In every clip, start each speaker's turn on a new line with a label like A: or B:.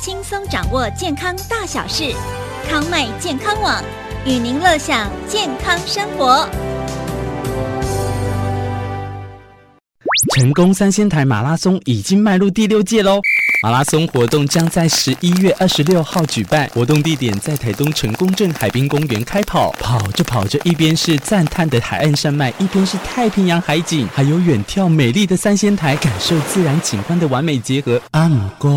A: 輕鬆掌握健康大小事，康麥健康網，與您樂享健康生活。
B: 成功三仙台馬拉松已經邁入第六屆嘍。馬拉松活動將在十一月二十六號舉辦，活動地點在台東成功鎮海濱公園開跑。跑着跑着，一邊是讚嘆的海岸山脈，一邊是太平洋海景，還有遠眺美麗的三仙台，感受自然景觀的完美結合。阿姆哥，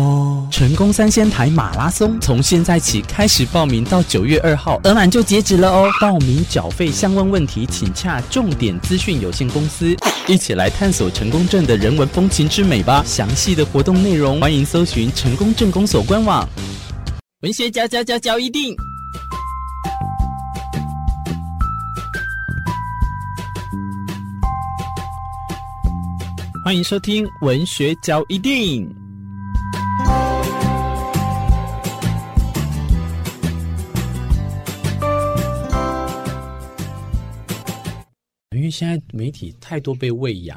B: 成功三仙台馬拉松，從現在起開始報名，到九月二號額滿就截止了哦。報名繳費相關問,問題，請洽重點資訊有限公司。一起來探索成功鎮的人文風情之美吧。詳細的活動內容，歡迎。搜尋成功鎮公所官網。文學教教教教一定。歡迎收聽《文學教一定》。現在媒體太多被餵養，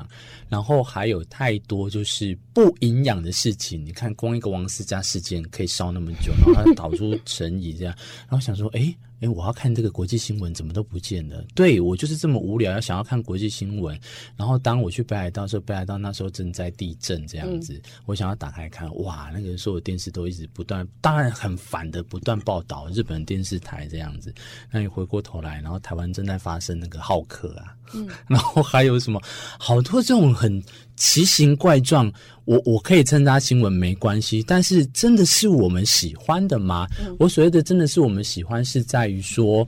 B: 然後還有太多就是不營養的事情。你看，光一個王思佳事件可以燒那麼久，然後他導出成疑這樣，然後想說，哎。誒、欸、我要看這個國際新聞，怎麼都不見了？對，我就是這麼無聊，要想要看國際新聞。然後當我去北海道的時候，北海道那時候正在地震這樣子，嗯，我想要打開看，哇，那個所有電視都一直不斷，當然很煩的不斷報道日本電視台這樣子。那你回過頭來，然後台灣正在發生那個浩克啊，嗯，然後還有什麼好多這種很奇形怪狀。我我可以稱他新聞沒關係，但是真的是我們喜歡的嗎？嗯、我所謂的真的是我們喜歡，是在於說，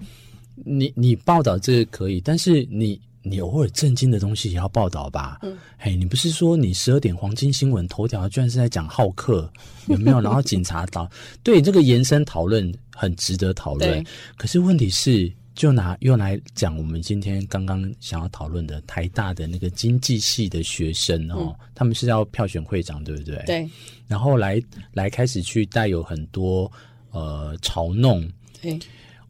B: 你你報道這個可以，但是你你偶爾震驚的東西也要報道吧？嗯，嘿、hey,，你不是說你十二點黃金新聞頭條居然是在講浩克有沒有？然後警察到 對這個延伸討論很值得討論，可是問題是。就拿用來講我們今天剛剛想要討論的台大的那個經濟系的學生哦，嗯、他們是要票選會長，對不對？對。然後來來開始去帶有很多呃嘲弄。對。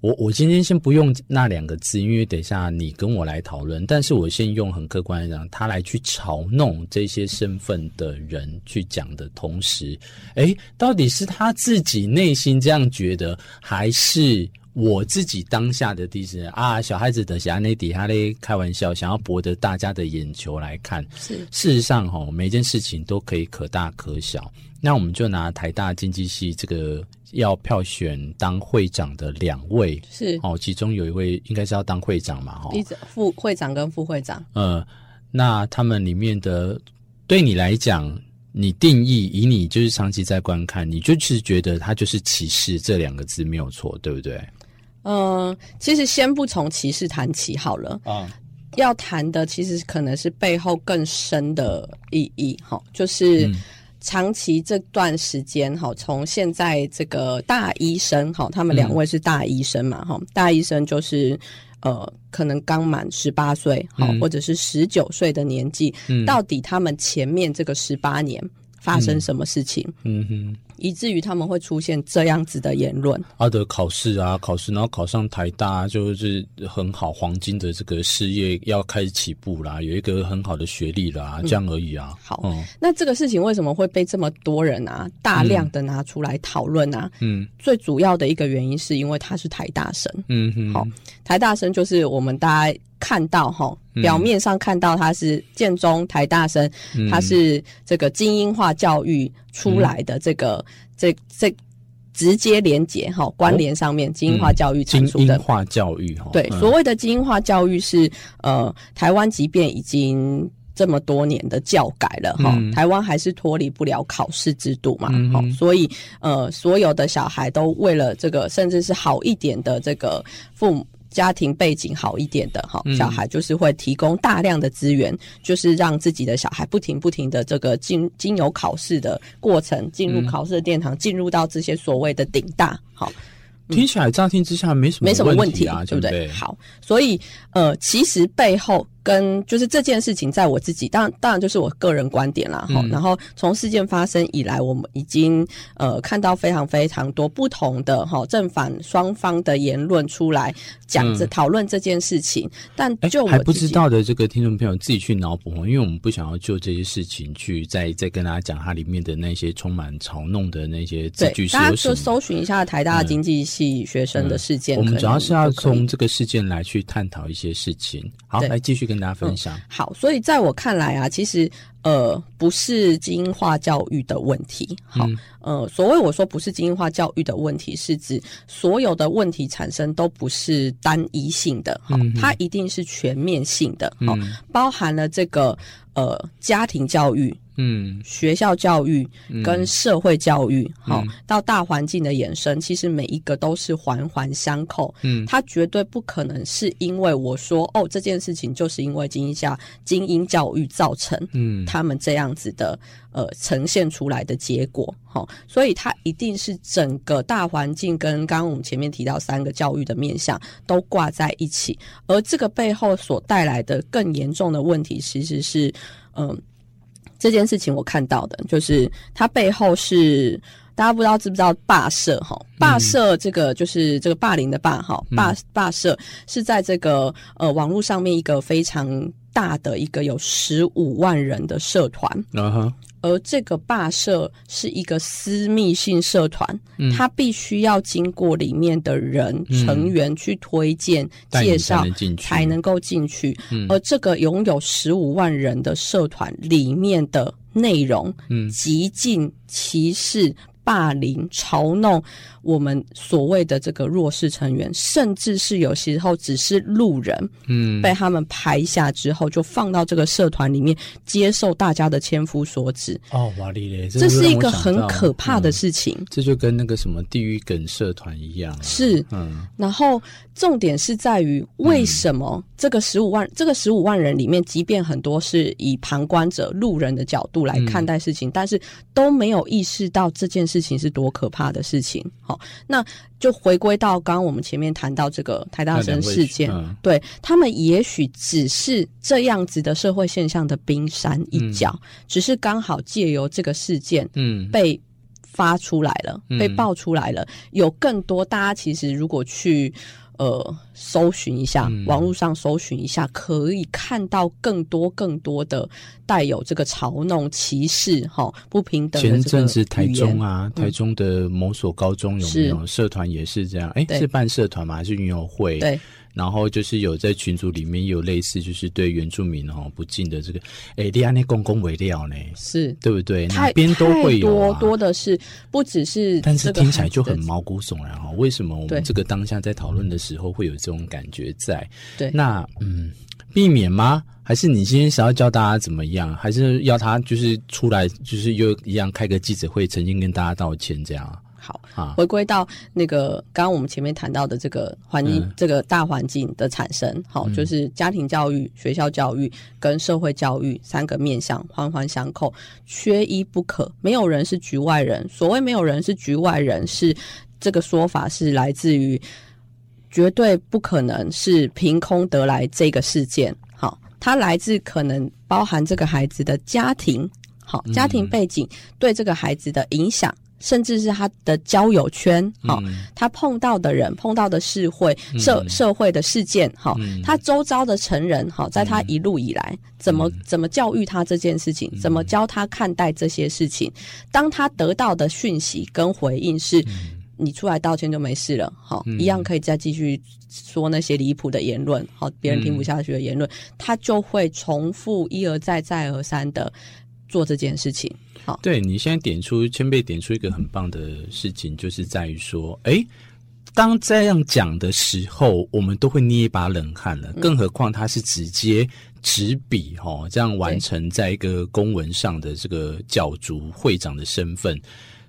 B: 我我今天先不用那兩個字，因為等一下你跟我來討論，但是我先用很客觀的講，他來去嘲弄這些身份的人去講的同時，哎，到底是他自己內心這樣覺得，還是？我自己當下的例子啊，小孩子的小內底他在開玩笑，想要博得大家的眼球來看。是，事實上齁，每件事情都可以可大可小。那我們就拿台大經濟系這個要票選當會長的兩位是哦，其中有一位應該是要當會長嘛哈，
A: 副會長跟副會長。
B: 呃，那他們裡面的，對你來講，你定義以你就是長期在觀看，你就是覺得他就是歧視這兩個字沒有錯，對不對？
A: 嗯、呃，其實先不從歧視談起好了。啊，要談的其實可能是背後更深的意義。哈、哦，就是長期這段時間哈、嗯，從現在這個大醫生哈、哦，他們兩位是大醫生嘛哈、嗯哦，大醫生就是呃，可能剛滿十八歲好、哦嗯，或者是十九歲的年紀、嗯，到底他們前面這個十八年發生什麼事情？
B: 嗯，嗯哼。
A: 以至於他們會出現這樣子的言論。阿、
B: 啊、的考試啊，考試然後考上台大，就是很好黃金的這個事業要開始起步啦，有一個很好的學歷啦，嗯、這樣而已啊。好、哦，
A: 那這個事情為什麼會被這麼多人啊大量的拿出來討論啊？嗯，最主要的一個原因是因為他是台大生。嗯嗯。好，台大生就是我們大家看到哈、哦嗯，表面上看到他是建中台大生、嗯，他是這個精英化教育出來的這個、嗯。嗯這這直接連接哈、哦，關聯上面精英化、哦、化教育，精英
B: 化教育哈，對、嗯，所謂
A: 的精英化教育是呃，台灣即便已經這麼多年的教改了哈、哦嗯，台灣還是脫離不了考試制度嘛哈、嗯哦，所以呃，所有的小孩都為了這個，甚至是好一點的這個父母。家庭背景好一點的哈，小孩就是會提供大量的資源、嗯，就是讓自己的小孩不停不停的這個經經由考試的過程，進入考試的殿堂，進入到這些所謂的頂大。好、嗯，
B: 聽起來乍聽之下沒什麼、啊，沒什麼問題啊，對不對？
A: 好，所以呃，其實背後。跟就是這件事情，在我自己當然當然就是我個人觀點啦。哈、嗯，然後，從事件發生以來，我們已經呃看到非常非常多不同的哈，正反雙方的言論出來，講着討論這件事情。嗯、但就我還不知道
B: 的這個聽眾朋友自己去腦補，因為我們不想要就這些事情去再再跟大家講它裡面的那些充滿嘲弄的那些字句是有什麼。大家
A: 就搜尋一下台大經濟系學生的事件。嗯嗯、可能我們主要是要從
B: 這個事件來去探討一些事情。好，來繼續跟大家分享，嗯、
A: 好，所以在我看來啊，其實呃不是精英化教育的問題。好、嗯，呃，所謂我說不是精英化教育的問題，是指所有的問題產生都不是單一性的，好、哦嗯，它一定是全面性的，好、嗯哦，包含了這個呃家庭教育。嗯，學校教育跟社會教育，好、嗯哦、到大環境的衍生，其實每一個都是環環相扣。嗯，他絕對不可能是因為我說哦，這件事情就是因為精英教精英教育造成，嗯，他們這樣子的呃呈現出來的結果，好、哦，所以它一定是整個大環境跟剛剛我們前面提到三個教育的面向都掛在一起，而這個背後所帶來的更嚴重的問題，其實是嗯。呃這件事情我看到的就是它，背後是大家不知道知不知道霸社，哈霸社，這個就是、嗯、這個霸凌的霸，哈霸霸社是在這個呃網絡上面一個非常大的一個有十五萬人的社團啊哈。Uh-huh. 而這個霸社是一個私密性社團，嗯，它必須要經過裡面的人成員去推薦、嗯、介紹，才能夠進去。嗯、帶你帶你進去。而這個擁有十五萬人的社團裡面的內容，嗯，極盡歧視、霸凌、嘲弄，我們所謂的這個弱勢成員，甚至是有時候只是路人，
B: 嗯，被
A: 他們拍下之後就放到這個社團裡面，接受大家的千夫所指。哦，哇
B: 咧，這是一個很可
A: 怕的事情。嗯。這就跟那個什麼地獄梗社團一樣啊。是，嗯。然後重點是在於，為什麼這個十五萬，嗯，這個十五萬人裡面，即便很多是以旁觀者、路人的角度來看待事情，嗯，但是都沒有意識到這件事情是多可怕的事情。好。那就回歸到剛剛我們前面談到這個台大生事件，對，他們也許只是這樣子的社會現象的冰山一角，嗯、只是剛好借由這個事件，嗯，被發出來了，嗯、被爆出來了、嗯，有更多大家其實如果去。呃，搜尋一下，嗯、網絡上搜尋一下，可以看到更多更多的帶有這個嘲弄、歧視、齁不平等的。前陣子台中啊、嗯，台
B: 中的某所高中有沒有社團也是這樣？哎、欸，是辦社團嗎？還是運動會？對。然後就是有在群組裡面有類似就是對原住民哦不敬的這個，哎，你安內公公為料呢，是對不對？哪邊都會有、啊、多
A: 多的是，不只是。但是聽起來就很
B: 毛骨悚然哈、哦，為什麼我們這個當下在討論的時候會有這種感覺在？對，那嗯，避免嗎？還是你今天想要教大家怎麼樣？還是要他就是出來就是又一樣開個記者會，澄清跟大家道歉這樣。好，回
A: 歸到那個剛剛我們前面談到的這個環境、嗯，這個大環境的產生，好、嗯，就是家庭教育、學校教育跟社會教育三個面向環環相扣，缺一不可。沒有人是局外人，所謂沒有人是局外人是，是這個說法是來自於絕對不可能是憑空得來這個事件。好，它來自可能包含這個孩子的家庭，好，家庭背景對這個孩子的影響。嗯甚至是他的交友圈，哈、嗯哦，他碰到的人、碰到的社會、社、嗯、社會的事件，哈、哦嗯，他周遭的成人，哈、哦，在他一路以來，嗯、怎麼、嗯、怎麼教育他這件事情，怎麼教他看待這些事情？當他得到的訊息跟回應是，嗯、你出來道歉就沒事了，好、哦嗯，一樣可以再繼續說那些離譜的言論，好、哦，別人聽不下去的言論，嗯、他就會重複一而再、再而三的做這件事情。
B: 好對，你現在點出前輩點出一個很棒的事情，嗯、就是在於說，哎、欸，當這樣講的時候，我們都會捏一把冷汗了。嗯、更何況他是直接執筆哦，這樣完成在一個公文上的這個角逐會長的身份，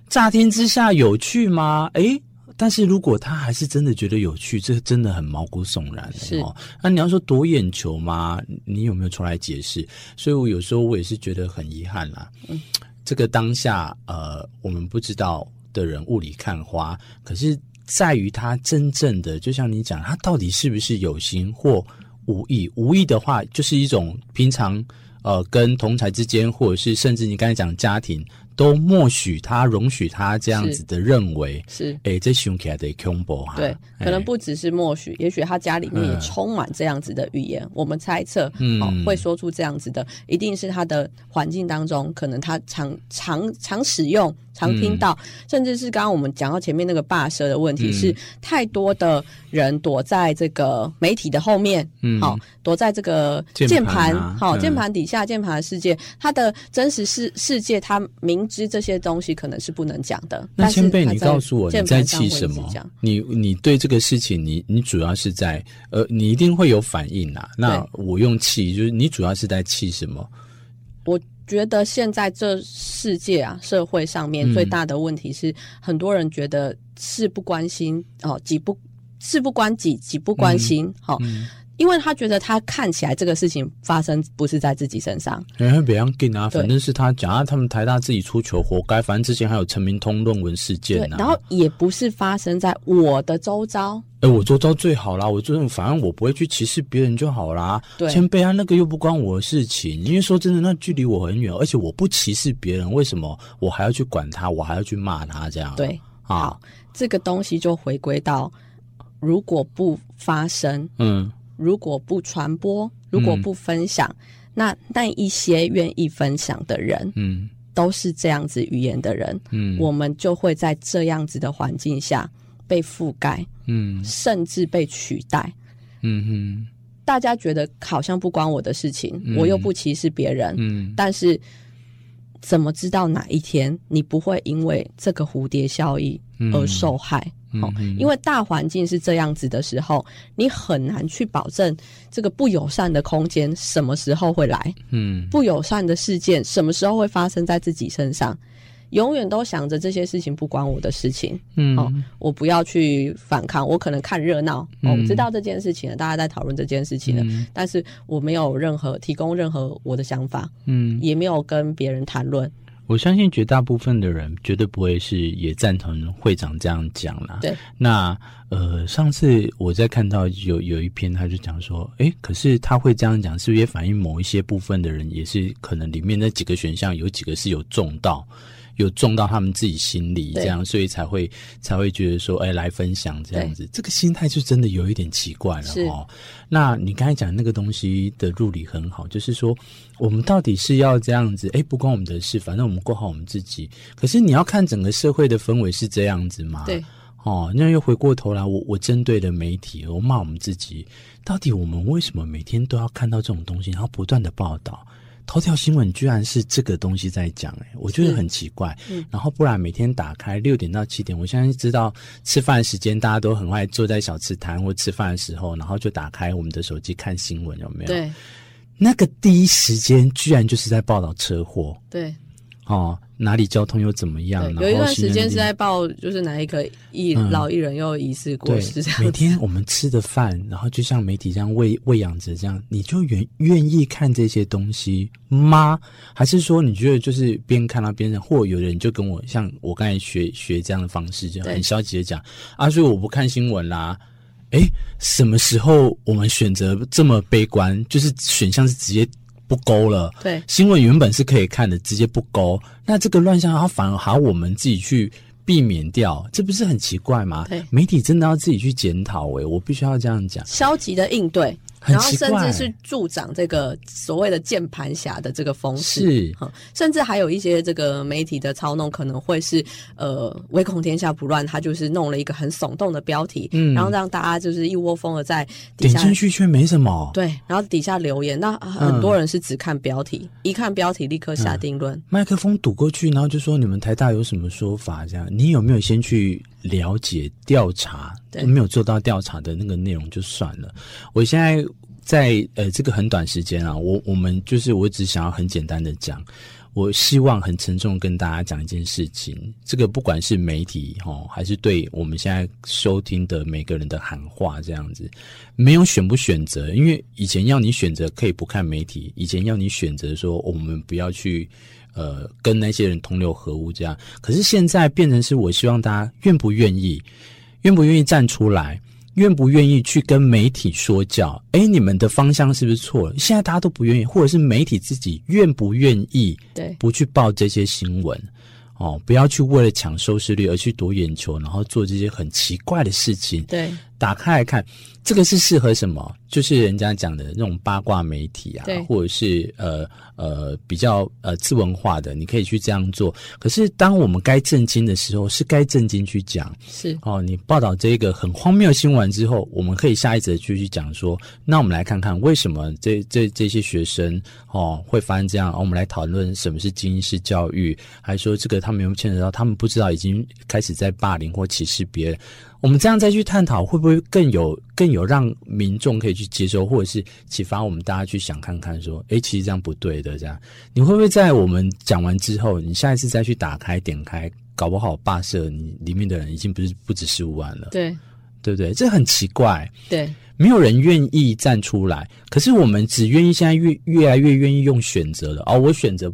B: 乍聽之下有趣嗎？哎、欸，但是如果他還是真的覺得有趣，這真的很毛骨悚然，欸。是，那你要說奪眼球嗎？你有沒有出來解釋？所以，我有時候我也是覺得很遺憾啦。嗯。這個當下，呃，我們不知道的人霧裡看花，可是在於他真正的，就像你講，他到底是不是有心或無意？無意的話，就是一種平常，呃，跟同儕之間，或者是甚至你剛才講的家庭。都默許他，容許他這樣子的認為是，哎、欸，這熊起來的凶博哈，對、欸，可能不
A: 只是默許，也許他家裡面也充滿這樣子的語言。嗯、我們猜測，嗯、哦，會說出這樣子的，嗯、一定是他的環境當中，可能他常常常使用。常聽到、嗯，甚至是剛剛我們講到前面那個霸蛇的問題是，是、嗯、太多的人躲在這個媒體的後面，好、嗯哦、躲在這個鍵盤，好鍵、啊哦嗯、鍵盤底下，鍵盤的世界，它的真實世世界，他明知這些東西可能是不能講的。那前輩，你告訴我、啊、在你在氣什麼？
B: 你你對這個事情，你你主要是在呃，你一定會有反應啊。那我用氣，就是你主要是在氣什麼？
A: 我。我覺得現在這世界啊，社會上面最大的問題是，嗯、很多人覺得事不關心哦，己不事不關己，己不關心好。嗯哦嗯因為他覺得他看起來這個事情發生不是在自己身上，
B: 哎、欸，別讓給啊，反正是他講啊，他們台大自己出糗活該，反正之前還有陳明通論文事件、啊，對，然
A: 後也不是發生在我的周遭，
B: 哎、欸，我周遭最好啦，我反正反正我不會去歧視別人就好啦，前輩啊，那個又不關我的事情，因為說真的，那距離我很遠，而且我不歧視別人，為什麼我還要去管他，我還要去罵他這樣？對，好，好
A: 這個東西就回歸到如果不發生，嗯。如果不傳播，如果不分享，嗯、那那一些願意分享的人，嗯，都是這樣子語言的人，嗯，我們就會在這樣子的環境下被覆蓋，嗯，甚至被取代，嗯哼。大家覺得好像不關我的事情，嗯、我又不歧視別人，嗯，但是怎麼知道哪一天你不會因為這個蝴蝶效應而受害？嗯哦，因為大環境是這樣子的時候，你很難去保證這個不友善的空間什麼時候會來，嗯，不友善的事件什麼時候會發生在自己身上，永遠都想着這些事情不關我的事情，嗯，哦，我不要去反抗，我可能看熱鬧，哦，我知道這件事情了，大家在討論這件事情了，嗯，但是我沒有任何提供任何我的想法，嗯，也沒有跟別人談論。
B: 我相信絕大部分的人絕對不會是也贊同會長這樣講啦。對，那呃，上次我在看到有有一篇，他就講說，哎、欸，可是他會這樣講，是不是也反映某一些部分的人也是可能裡面那幾個選項有幾個是有中到？有種到他們自己心裡這樣，所以才會才會覺得說，誒、欸，來分享這樣子，這個心態就真的有一點奇怪了哦。那你剛才講那個東西的入理很好，就是說我們到底是要這樣子，誒、欸，不關我們的事，反正我們過好我們自己。可是你要看整個社會的氛圍是這樣子嗎？對，哦，那又回過頭來，我我針對的媒體，我罵我們自己，到底我們為什麼每天都要看到這種東西，然後不斷的報道？頭條新聞居然是這個東西在講，欸，誒我覺得很奇怪。嗯，然後不然每天打開六點到七點，我相信知道吃飯時間大家都很快坐在小吃攤或吃飯的時候，然後就打開我們的手機看新聞有沒有？對，那個第一時間居然就是在報道車禍。對，哦。哪裡交通又怎麼樣呢？有一段時間是在
A: 報，就是哪一個一、嗯、老藝人又疑似過世這樣。每天
B: 我們吃的飯，然後就像媒體這樣餵餵養着這樣，你就願願意看這些東西嗎？還是說你覺得就是邊看到、啊、邊或有人就跟我像我剛才學學這樣的方式，就很消極的講啊，所以我不看新聞啦。誒、欸，什麼時候我們選擇這麼悲觀？就是選項是直接，不勾了，對，新聞原本是可以看的，直接不勾，那這個亂象，它反而還要我們自己去避免掉，這不是很奇怪嗎？對，媒體真的要自己去檢討，誒，我必須要這樣講，
A: 消極的應對。
B: 然後甚至是
A: 助長這個所謂的鍵盤俠的這個風氣，是、嗯，甚至還有一些這個媒體的操弄，可能會是呃唯恐天下不亂，他就是弄了一個很聳動的標題，嗯，然後讓大家就是一窩蜂的在底下點進去
B: 卻沒什麼，對，
A: 然後底下留言，那很多人是只看標題，嗯，一看標題立刻下定論，
B: 嗯，麥克風堵過去，然後就說，你們台大有什麼說法？這樣，你有沒有先去？了解調查，但沒有做到調查的那個內容就算了。我現在在呃這個很短時間啊，我我們就是我只想要很簡單的講，我希望很沉重跟大家講一件事情。這個不管是媒體哦，還是對我們現在收聽的每個人的喊話，這樣子，沒有選不選擇，因為以前要你選擇可以不看媒體，以前要你選擇說我們不要去，呃，跟那些人同流合污這樣，可是現在變成是我希望大家願不願意，願不願意站出來，願不願意去跟媒體說教？哎，你們的方向是不是錯了？現在大家都不願意，或者是媒體自己願不願意？對，不去報這些新聞，哦，不要去為了搶收視率而去奪眼球，然後做這些很奇怪的事情。對，打開來看，這個是適合什麼？就是人家講的那種八卦媒體啊，或者是呃呃比較呃自文化的，你可以去這樣做。可是當我們該震驚的時候，是該震驚去講。是哦，你報道這一個很荒謬新聞之後，我們可以下一則去去講說，那我們來看看為什麼這這這，這些學生哦會發生這樣。哦，我們來討論什麼是精英式教育，還說這個他們有沒有牽扯到他們不知道已經開始在霸凌或歧視別人？我們這樣再去探討，會不會更有？更有讓民眾可以去接受，或者是啟發我們大家去想看看，說，誒、欸，其實這樣不對的，這樣你會不會在我們講完之後，你下一次再去打開點開，搞不好罷設你裡面的人已經不是不止十五萬了，對對不對？這很奇怪，對，沒有人願意站出來，可是我們只願意現在越越來越願意用選擇了，而、哦、我選擇。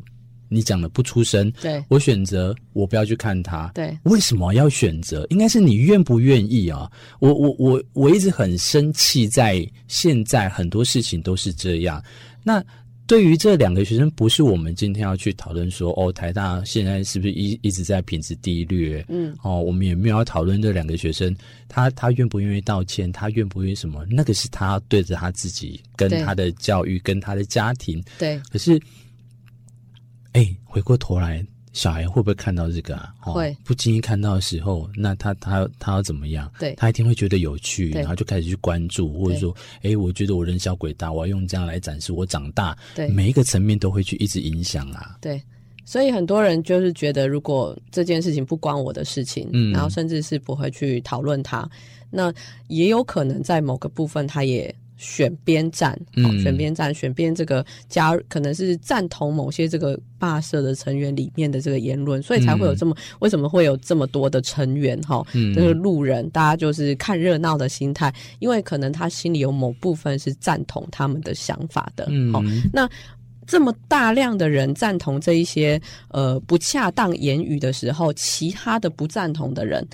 B: 你講的不出聲，對，我選擇我不要去看他。對，為什麼要選擇？應該是你願不願意啊？我我我我一直很生氣，在現在很多事情都是這樣。那對於這兩個學生，不是我們今天要去討論說哦，台大現在是不是一一直在品質低劣？嗯，哦，我們也沒有要討論這兩個學生，他他願不願意道歉，他願不願意什麼？那個是他對着他自己，跟他的教育，跟他的家庭。對，可是。哎、欸，回過頭來，小孩會不會看到這個啊？哦、會不經意看到的時候，那他他他，他要怎麼樣？對他一定會覺得有趣，然後就開始去關注，或者說，哎、欸，我覺得我人小鬼大，我要用這樣來展示我長大。對每一個層面都會
A: 去一直影響啊。對，所以很多人就是覺得，如果這件事情不關我的事情，嗯，然後甚至是不會去討論它，那也有可能在某個部分，他也。選邊站、哦、站，選邊站，選邊這個，家，可能是贊同某些這個霸社的成員裡面的這個言論，所以才會有這麼、嗯，為什麼會有這麼多的成員哈、哦？就個、是、路人、嗯，大家就是看熱鬧的心態，因為可能他心裡有某部分是贊同他們的想法的。嗯哦、那這麼大量的人贊同這一些呃不恰當言語的時候，其他的不贊同的人。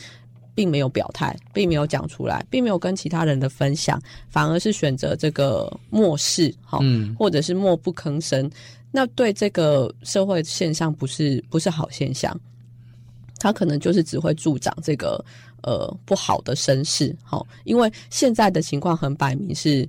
A: 並沒有表態，並沒有講出來，並沒有跟其他人的分享，反而是選擇這個漠視，好，或者是默不吭聲、嗯。那對這個社會現象不是不是好現象，他可能就是只會助長這個呃不好的聲勢，好，因為現在的情況很擺明是，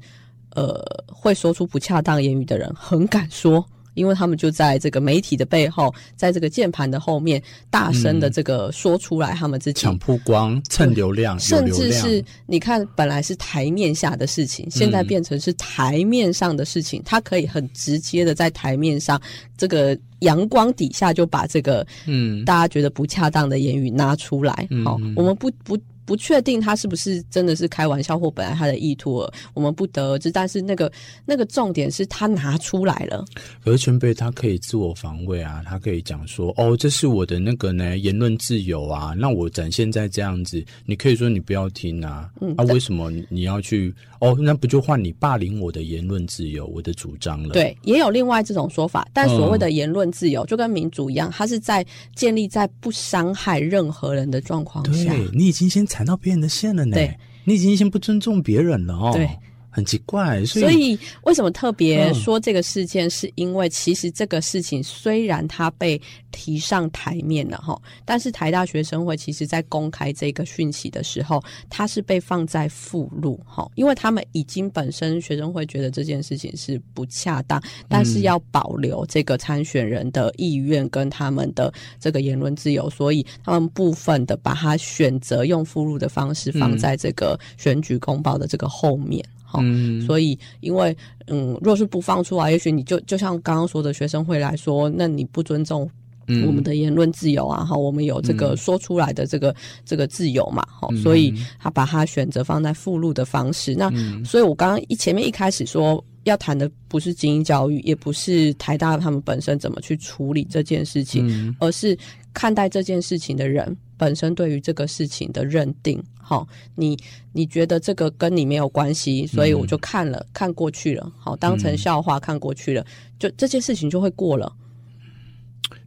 A: 呃，會說出不恰當言語的人很敢說。因為他們就在這個媒體的背後，在這個鍵盤的後面，大聲的這個說出來，他們自己、嗯、
B: 搶曝光、蹭流，流量，甚至是
A: 你看，本來是台面下的事情，現在變成是台面上的事情、嗯，它可以很直接的在台面上，這個陽光底下就把這個嗯，大家覺得不恰當的言語拿出來。嗯、好，我們不不。不確定他是不是真的是開玩笑，或本來他的意圖了，我們不得而知。但是那個那個重點是他拿出來了。而前
B: 輩他可以自我防衛啊，他可以講說：“哦，這是我的那個呢，言論自由啊。”那我展現在這樣子，你可以說你不要聽啊。嗯，那、啊、為什麼你要去？哦，那不就換你霸凌我的言論自由，我的主張了？對，
A: 也有另外這種說法。但所謂的言論自由、嗯，就跟民主一樣，它是在建立在不傷害任何人的狀況下對。
B: 你已經先。踩到別人的線了呢，對，你已經先不尊重別人了哦。對很奇怪，所以、所以、
A: 哦、為什麼特別說這個事件？是因為其實這個事情雖然它被提上台面了哈，但是台大學生會其實在公開這個訊息的時候，它是被放在附錄哈，因為他們已經本身學生會覺得這件事情是不恰當，但是要保留這個參選人的意願跟他們的這個言論自由，所以他們部分的把它選擇用附錄的方式放在這個選舉公報的這個後面。嗯嗯、哦，所以因為嗯，若是不放出來，也許你就就像剛剛說的學生會來說，那你不尊重我們的言論自由啊，哈、嗯，我們有這個說出來的這個、嗯、這個自由嘛，哈、哦，所以他把它選擇放在附錄的方式。那、嗯、所以我剛剛一前面一開始說要談的不是精英教育，也不是台大他們本身怎麼去處理這件事情，嗯、而是看待這件事情的人。本身對於這個事情的認定，好，你你覺得這個跟你沒有關係，所以我就看了、嗯、看過去了，好，當成笑話看過去了，嗯、就這件事情就會過了。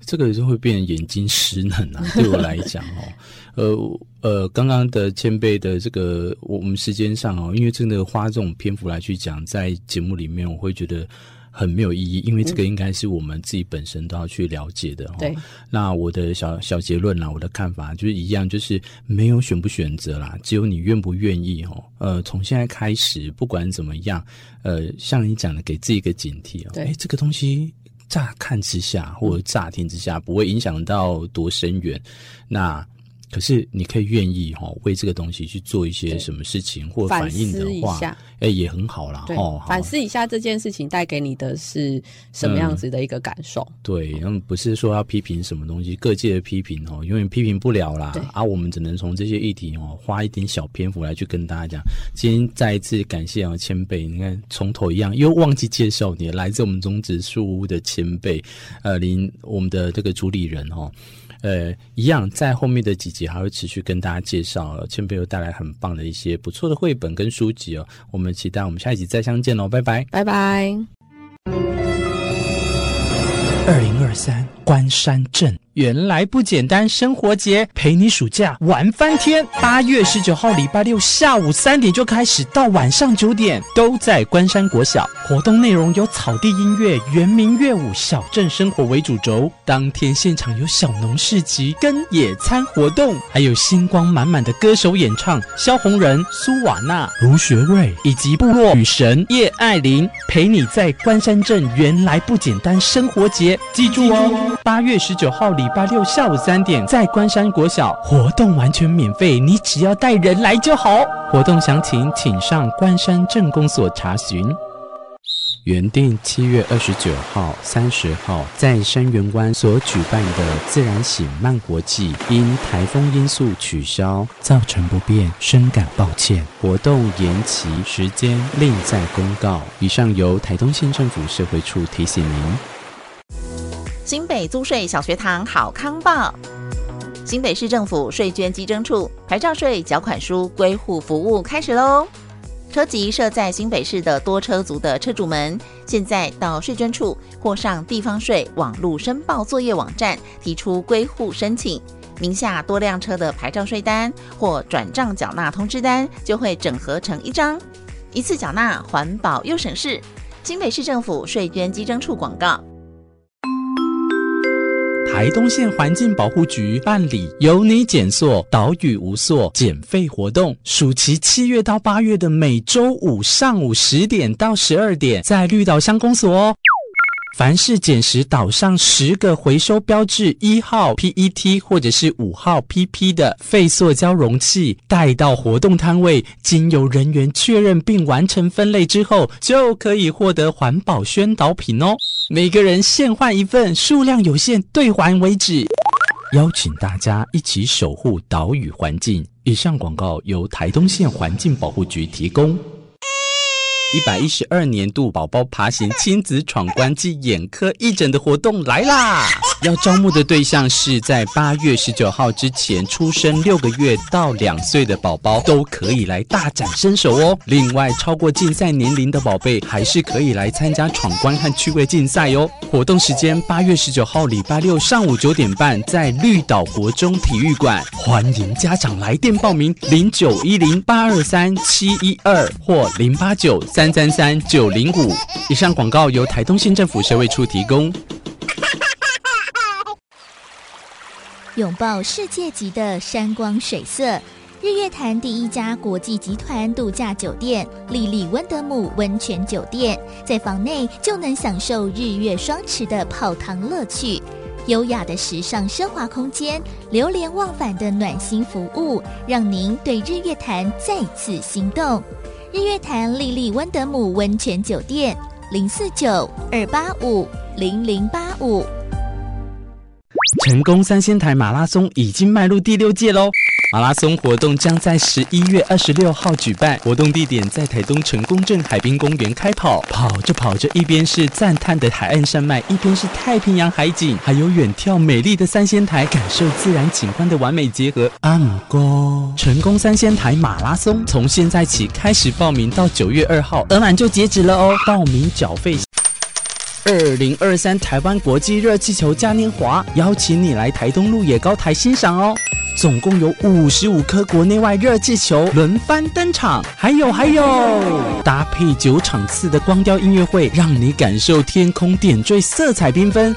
B: 這個就會變眼睛濕冷啊，對我來講哦， 呃呃，剛剛的前輩的這個，我們時間上哦，因為真的花這種篇幅來去講，在節目裡面，我會覺得。很沒有意義，因為這個應該是我們自己本身都要去了解的。嗯、對，那我的小小結論啦，我的看法就是一樣，就是沒有選不選擇啦，只有你願不願意哦。呃，從現在開始，不管怎麼樣，呃，像你講的，給自己一個警惕哦、呃。對，這個東西乍看之下或者乍聽之下不會影響到多深遠，那。可是，你可以願意哈、哦，為這個東西去做一些什麼事情或反應的話，哎、欸，也很好啦。哦，反
A: 思一下這件事情帶給你的是什麼樣子的一個感受？嗯、
B: 對，然後、嗯、不是說要批評什麼東西，各界的批評哦，永遠批評不了啦。啊，我們只能從這些議題哦，花一點小篇幅來去跟大家講。今天再一次感謝啊，千貝，你看從頭一樣又忘記介紹你，來自我們中植樹屋的千貝，呃，您，我們的這個主理人哈、哦。呃，一樣，在後面的幾集還會持續跟大家介紹哦，前輩又帶來很棒的一些不錯的繪本跟書籍哦。我們期待我們下一集再相見哦。拜拜，拜拜，二零二三。關山鎮原來不簡單生活節陪你暑假玩翻天，八月十九號禮拜六下午三點就開始，到晚上九點都在關山國小。活動內容有草地音樂、原民樂舞、小鎮生活為主軸。當天現場有小農市集跟野餐活動，還有星光滿滿的歌手演唱，蕭紅仁、蘇瓦納、盧學瑞以及部落女神葉愛玲陪你在關山鎮原來不簡單生活節。記住哦。八月十九號禮拜六下午三點，在關山國小，活動完全免費，你只要帶人來就好。活動詳情請上關山鎮公所查詢。原定七月二十九號、三十號在杉原灣所舉辦的自然醒漫國際，因颱風因素取消，造成不便，深感抱歉。活動延期時間另再公告。以上由台東縣政府社會處提醒您。
A: 新北租稅小學堂好康報，新北市政府稅捐稽徵處牌照稅繳款書歸戶服務開始嘍。車籍設在新北市的多車族的車主們，現在到稅捐處或上地方稅網路申報作業網站提出歸戶申請，名下多輛車的牌照稅單或轉賬繳納通知單就會整合成一張，一次繳納，環保又省事。新北市政府稅捐稽徵處廣告。
B: 臺東縣環境保護局辦理由你減塑、島嶼無塑減費活動，暑期七月到八月的每周五上午十點到十二點，在綠島鄉公所哦。凡是撿拾島上十個回收標誌一號 PET 或者是五號 PP 的廢塑膠容器，帶到活動攤位，經由人員確認並完成分類之後，就可以獲得環保宣導品哦。每個人限換一份，數量有限，兌換為止。邀請大家一起守護島嶼環境。以上廣告由台東縣環境保護局提供。一百一十二年度寶寶爬行親子闖關暨眼科義診的活動來啦！要招募的對象是在八月十九號之前出生六個月到兩歲的寶寶都可以來大展身手哦。另外，超過競賽年齡的寶貝還是可以來參加闖關和趣味競賽哦。活動時間八月十九號禮拜六上午九點半在綠島國中體育館，歡迎家長來電報名零九一零八二三七一二或零八九。三三三九零五。以上廣告由台東縣政府社會處提供。擁抱世界級的山光水色，日月潭第一家國際集團度假酒店——麗麗溫德姆溫泉酒店，在房內就能享受日月雙池的泡湯樂趣。優雅的時尚奢華空間，流連忘返的暖心服務，讓您對日月潭再次心動。日月潭
A: 莉莉溫德姆溫泉酒店零四九二八五零零八五，
B: 成功三仙台馬拉松已經邁入第六屆嘍。馬拉松活動將在十一月二十六號舉辦，活動地點在台東成功鎮海濱公園開跑。跑着跑着，一邊是讚嘆的海岸山脈，一邊是太平洋海景，還有遠眺美麗的三仙台，感受自然景觀的完美結合。阿姆哥，成功三仙台馬拉松，從現在起開始報名，到九月二號，額滿就截止了哦。報名繳費。二零二三台灣國際熱氣球嘉年華，邀請你來台東鹿野高台欣賞哦。總共有五十五顆國內外熱氣球輪番登場，還有還有搭配九場次的光雕音樂會，讓你感受天空點綴色彩繽紛，紛。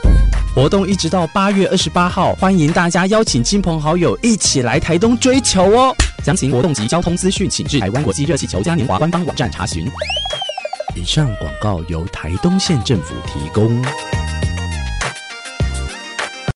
B: 活動一直到八月二十八號，歡迎大家邀請親朋好友一起來台東追球哦。詳情活動及交通資訊，請至台灣國際熱氣球嘉年華官方網站查詢。以上廣告由台東縣政府提供。